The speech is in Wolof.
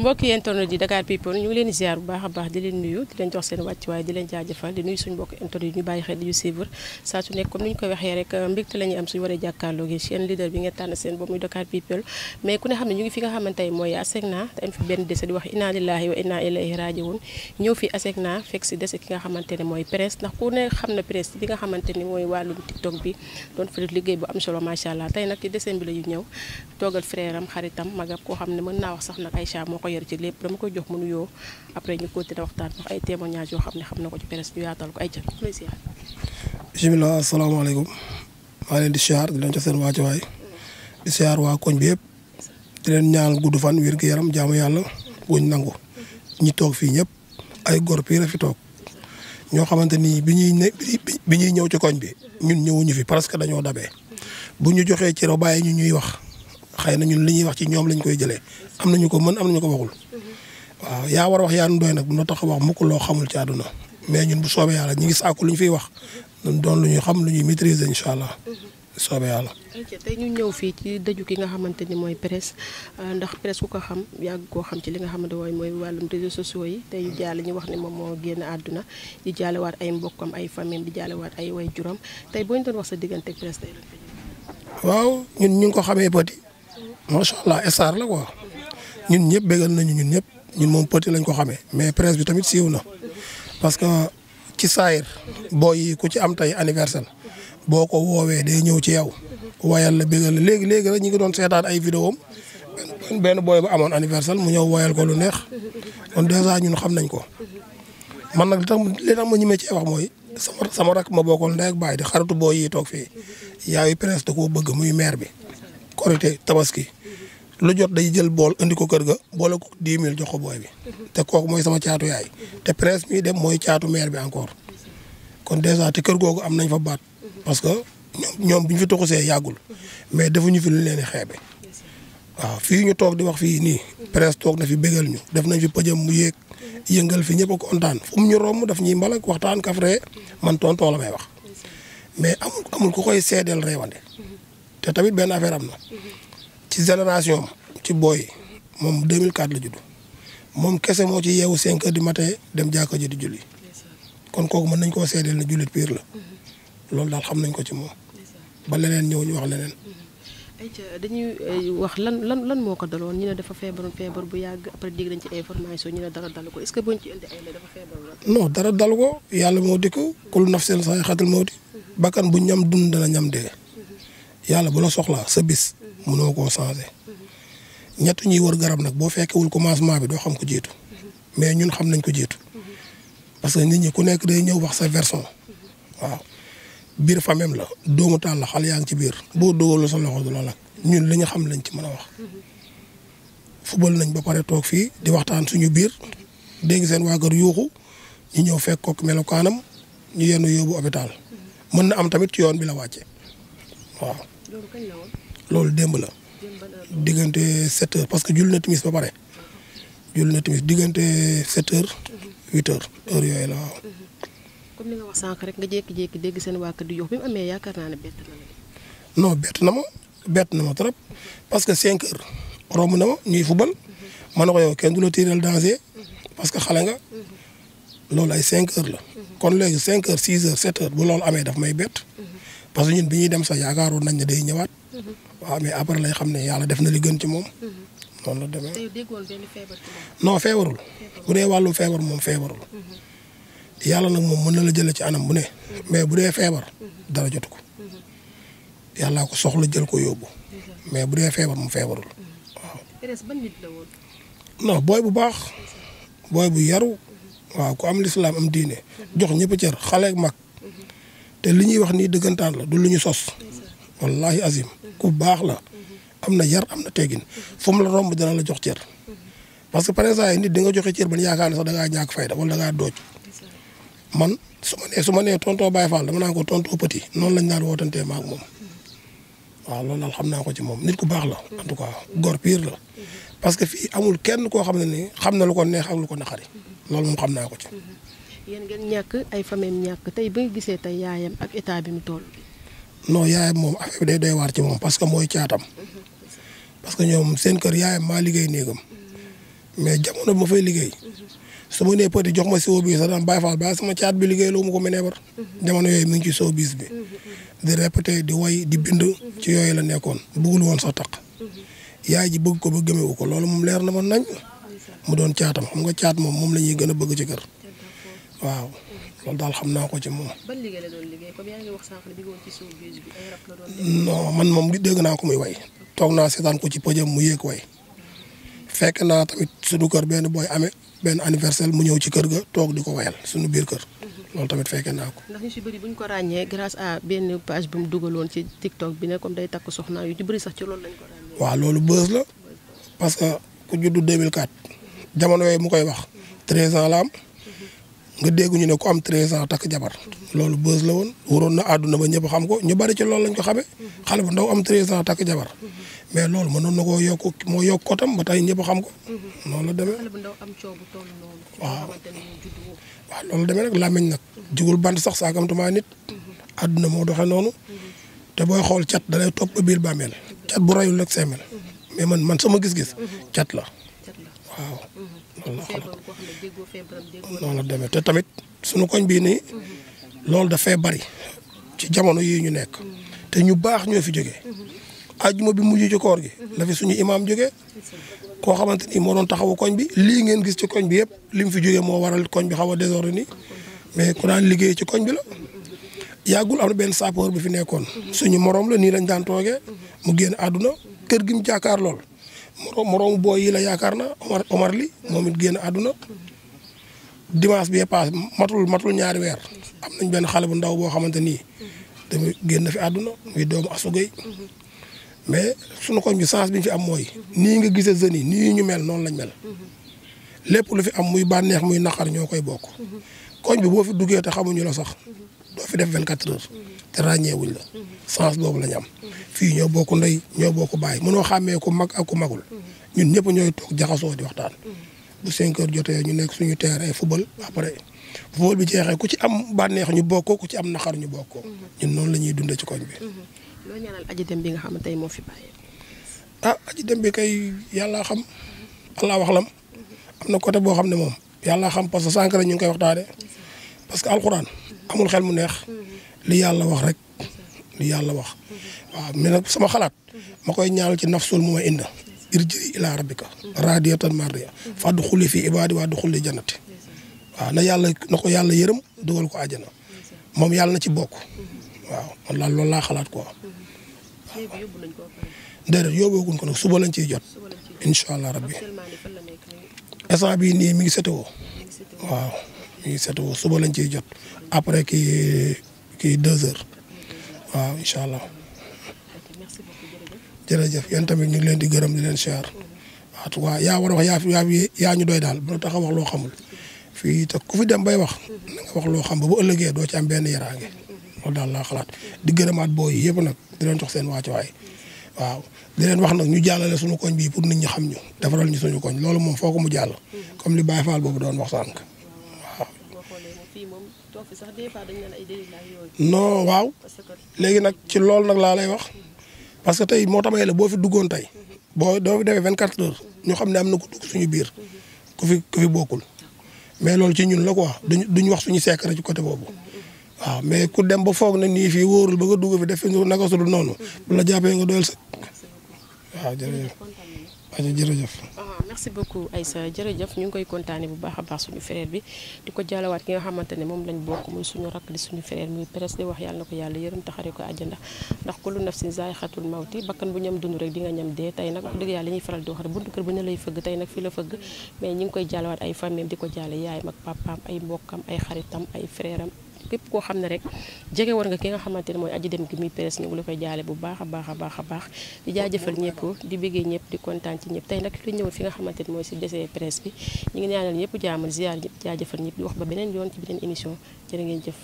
mbokk yi internet yi Dakar People ñu ngi leen di bu baax a baax di leen nuyu di leen jox seen wàccuwaay di leen jaajëfal di nuyu suñu mbokk internet yi ñu bàyyi xel di ñu saa su nekk comme ni ñu koy waxee rek euh, mbégte la am suñu war jàkkaarloo gi seen leader bi ngeen seen boobu muy Dakar People mais ku ne xam ne ñu ngi fi nga xamante ne mooy ASECNA te am fi benn dese di wax inna lillahi wa inna ndax ku ne xam na presse bi nga xamante ni mooy wàllum TikTok bi doon fa liggéey bu am solo macha allah tey nag ci décembre koo xam ne mën naa wax sax nag yor ci lépp dama koy jox mu nuyoo après ñu continuer waxtaan wax ay témoignages yoo xam ne xam na ko ci presse ñu yaatal ko ay jël lay siyaar. bisimilah waa koñ bi yëpp di leen ñaanal gudd fan wér gu yaram jaamu yàlla buñ nangu ñi toog fii ñëpp ay góor pii la fi toog. ñoo xamante ni bi ñuy ne bi ñuy ñëw ci koñ bi ñun ñëwuñu fi parce que dañoo dabee bu ñu joxee ci bàyyi ñu ñuy wax xëy na ñun li ñuy wax ci ñoom lañ koy jëlee am nañu ko mën am nañu ko waxul waaw yaa war a wax yaa nu doy nag bu na tax wax mukk loo xamul ci àdduna mais ñun soobee yàlla ñu ngi sàkku lu ñu fiy wax ñun doon lu ñuy xam lu ñuy maîtriser incha allah mhm. soobee yàlla. tey ñu ñëw fii ci dëju ki nga xamante ni mooy presse euh, ndax presse ku ko xam yàgg koo xam ci li nga xamante ne mooy wàllum réseaux sociaux yi tey jaale ñu wax ne moom moo génn àdduna di jaalewaat ay mbokkam ay famille di jaalewaat ay way juram tey boo ñu doon wax sa diggante presse tey waaw ñun ñu ngi ko xamee petit macha allah star la ko ñun ñëpp bégal nañu ñun ñëpp ñun moom petit lañ ko xamee mais presse bi tamit siiw na parce que ci saayir booy yi ku ci am tey anniversaire boo ko woowee day ñëw ci yow wayal la bégal léegi léegi rek ñu ngi doon seetaan ay vidéo am benn booy ba amoon anniversaire mu ñëw woyal ko lu neex kon dèjà ñun xam nañ ko man nag li tax li tax ma ñemee wax mooy sama sama rak ma bokkal ndey ak baay di xaritu booy yi toog fii yaayu presse da koo bëgg muy maire bi korité tabaski lu jot day jël bool indi ko kër ga boole ko dix mille jox ko booy bi te kooku mooy sama caatu yaay te presse mi dem mooy caatu maire bi encore kon dèjà te kër googu am nañ fa baat parce que ñoom bu ñu fi toxusee yàggul mais defuñu fi lu leen di xeebe waaw fii ñu toog di wax fii nii presse toog na fi bégal ñu def nañ fi pëjam mu yéeg yëngal fi ñëpp a kontaan fu mu ñu romb def ñuy mbalak waxtaan kaf ree man tontoo la may wax mais amul amul ku koy seedeel reewande te tamit benn affaire am na ci génération ci booy moom 2004 la judd moom kese moo ci yeewu 5 heures du matin dem jàkka ji di julli kon kooku mën nañ koo seedeel ne jullit piir la loolu daal xam nañ ko ci moom ba leneen ñëw ñu wax leneen. dañuy eh, wax lan lan moo ko daloon ñu ne dafa feebaroon feebar bu yàgg après dégg nañ ci information ñu ne dara dalu ko est-ce que buñ ko yàlla moo dikk kul nafsin saa xatal mawti bakkan bu ñam dund dana ñam dee yàlla bu la soxlaa sa bis mënoo koo changé. ñett ñuy wër garab nag boo fekkewul commencement bi doo xam ko jiitu mais ñun xam nañ ko jiitu parce que nit ñi ku nekk day ñëw wax sa version waaw biir fa la doomu taal la xal yaa ngi ci biir boo dogaloo sa loxo du la nag ñun li ñu xam lañ ci mën a wax. fubal nañ ba pare toog fii di waxtaan suñu biir dégg seen waa yuuxu ñu ñëw fekk ko melokaanam ñu yenn yóbbu hôpital mën na am tamit ci yoon bi la wàcce waaw. loolu démb la. diggante 7 heures parce que julli na timis ba pare julli na timis diggante 7 heures 8 heures heure yooyu la sànq rek nga jékki-jékki dégg seen waa kër di jox bi mu bett na ma bett na ma trop parce que cinq heures romb na ma ñuy fubal ma ne ko kenn du la tiiral danger parce que xale nga loolu ay 5 heures la kon léegi cinq heures 6 heures 7 heures bu loolu amee daf may bett. parce que ñun bi ñu dem sax yaakaaroon nañ ne day ñëwaat. waaw mais après lañ xam ne yàlla def na li gën ci moom. noonu la demee tey feebar ci feebarul. bu dee wàllu feebar moom feebarul. yàlla nag moom mën na la jëlee ci anam bu ne. mais bu dee feebar. dara jot ko. yàllaa ko soxla jël ko yóbbu. mais bu dee feebar mu feebarul. waaw. Pérès booy bu baax. booy bu yaru. waaw ku am lislaam am diine. jox ñëpp cër xale mag. te li ñuy wax nii dëggantaan la du lu ñu sos wallahi azim ku baax la am na yar am na teggin fu mu la romb dana la jox cër parce que par exemple nit di nga joxe cër ban yaakaar ne sax da ngaa ñàkk fayda wala da ngaa dooj man su ma nee su ma nee tonton Baye Fall dama naan ko tonton Petit noonu lañ naan wootantee maak moom waaw loolu daal xam naa ko ci moom nit ku baax la en tout góor pire la parce que fii amul kenn koo xam ne ni xam na lu ko neex ak lu ko naqari loolu moom xam naa ko ci yéen ngeen ñàkk ay famem ñàkk tey ba nga gisee tey yaayam ak état bi mu toll. non yaayam moom affaire bi day doy ci moom parce que mooy caatam parce que ñoom seen kër yaayam maa liggéey néegam mais jamono bi ma fay liggéey su ma nee petit jox ma soo biis sax daan bàyyi faal bàyyi sama caat bi liggéey loo ma ko mënee bar jamono yooyu mi ngi ci soo bi di répété di woy di bind ci yooyu la nekkoon bëggul woon sax taq yaay ji bëgg ko ba gëmewu ko loolu moom leer na ma nañ mu doon caatam xam nga caat moom moom la ñuy gën a bëgg ci waaw loolu daal xam naa ko ci moom. ban non man moom dégg naa ko muy way toog naa seetaan ko ci pëjam mu yéeg way fekk naa tamit suñu kër benn booy amee benn anniversaire mu ñëw ci kër ga toog di ko wayal suñu biir kër. Mhm. loolu tamit fekkee naa ko. ndax ñu si bëri bu ko ràññee grâce à benn page bu mu dugaloon ci TikTok bi ne comme day takk soxna yu ci bëri sax ci loolu lañ ko ràññee. waaw loolu bës la parce que ku juddu 2004 jamono yooyu mu koy wax 13 ans la am nga dégg ñu ne ko am 13 ans takk jabar loolu bës la woon waroon na àdduna ba ñëpp xam ko ñu bari ci loolu lañ ko xamee xale bu ndaw am 13 ans takk jabar mais loolu mënoon na koo yokk moo yokk ko tam ba tey ñëpp xam ko. noonu la demee xale bu ndaw am coow bu toll noonu. waaw waaw loolu demee nag làmmiñ nag. jugul bant sax saakamtumaa nit. àdduna moo doxee noonu. te booy xool cat da lay topp biir bàmmeel. cat bu rayul rek seemel mais man man sama gis-gis. cat la waaw. noonu la demee te tamit sunu koñ bii nii mm-hmm. loolu dafay bari ci jamono yii ñu nekk mm-hmm. te ñu baax ñoo fi jógee ajjuma mm-hmm. bi mujj ci koor gi la suñu imaam jóge koo xamante ni moo doon taxawu koñ bi lii ngeen gis ci koñ bi yëpp li mu fi jógee moo waral koñ bi xaw a désordre ni mais ku daan liggéey ci koñ bi la yàggul am na benn sapeur bi fi nekkoon suñu moroom la nii lañ daan toogee mu génn àdduna kër gi mu jàkkaar lool moroom booy yi la yaakaar na Omar Omar li moom it génn àdduna dimanche bi paase matul matul ñaari weer am nañ benn xale bu ndaw boo xamante nii tamit génn fi àdduna muy doomu asugay mais sunu koñ bi chance bi ñu fi am mooy nii nga gisee jeunes yi nii ñu mel noonu lañ mel lépp lu fi am muy bànneex muy naqar ñoo koy bokk koñ bi boo fi duggee te xamuñu la sax doo fi def vingt-quatre heures te ràññeewuñ la sens boobu la ñu am fii ñoo bokk ndey ñoo bokk bàyyi mënoo xàmmee ku mag ak ku magul ñun ñëpp ñooy toog jaxasoo di waxtaan bu cinq heures jotee ñu nekk suñu terrain football après football bi jeexee ku ci am bànneex ñu bokkoo ku ci am naxar ñu bokkoo ñun noonu la ñuy dundee ci koñ bi loo ñaanal aji dem bi nga xam ne tey moo fi bàyyi ah aji dem bi kay yàlla xam allah wax lam am na côté boo xam ne moom yàlla xam parce que sànq rek ñu ngi koy waxtaane alxuraan amul xel mu neex li yàlla wax rek li yàlla wax waaw mais sama xalaat ma koy ñaanal ci nafsul mu ma inda irji ila rabbika radiyatan mardiya faddu xulli fii ibaadi waa du xulli jannati waaw na yàlla na ko yàlla yërëm dugal ko àjjana moom yàlla na ci bokk waaw man laa loolu laa xalaat quoi déedéet ko suba lañ ciy jot incha allah rabbi instant bii nii après kii kii deux heures waaw incha allah jërëjëf yéen tamit ñu ngi leen di gërëm di leen siyaar waaw yaa war a yaa fi yaa fi yaa ñu doy daal bu tax a wax loo xamul fii te ku fi dem bay wax na wax loo xam ba bu ëllëgee doo ci am benn yaraange loolu daal laa xalaat di gërëmaat booy yëpp nag di leen jox seen waacuwaay waaw di leen wax nag ñu jàllale suñu koñ bii pour nit ñi xam ñu defaral ñu suñu koñ loolu moom foo ko mu jàll comme li Baye Fall boobu doon wax sànq fii moom toog non waaw. léegi nag ci loolu nag laa lay wax. parce que tey moo tamay la boo fi duggoon tey. boo doo fi defee vingt quatre heures. ñu xam ne am na ku dugg suñu biir. ku fi ku fi bokkul. mais loolu ci ñun la ko quoi duñ duñ wax suñu secret ci côté boobu. waaw mais ku dem ba foog na nii fii wóorul ba nga dugg fi def fi naka su noonu. bu la jàppee nga doyal sa waaw jërëjëf. waaw jërëjëf. merci beaucoup Aïssa jërëjëf ñu ngi koy kontaane bu baax a baax suñu frère bi di ko jaalawaat ki nga xamante ne moom lañ bokk muy suñu rakk di suñu frère muy presse di wax yàlla na ko yàlla yërëm taxare ko àjjana ndax kullu nafsin zaaxatul mawti bakkan bu ñam dund rek di nga ñam dee tey nag wax dëgg yàlla ñuy faral di wax rek buntu kër bu ne lay fëgg tey nag fii la fëgg mais ñu ngi koy jaalawaat ay famille di ko jaale yaayam ak papaam ay mbokkam ay xaritam ay frèram képp koo xam ne rek jege war nga ki nga xamante ne mooy aji dem gi muy presse ñu ngi la koy jaale bu baax a baax a baax a baax di jaajëfal ñëpp di bëggee ñëpp di kontaan ci ñëpp tey nag lu ñëwoon fi nga xamante ne mooy si desee presse bi ñu ngi ñaanal ñëpp jaamal ziar ñëpp jaajëfal ñëpp di wax ba beneen yoon ci beneen émission jërë ngeen jëf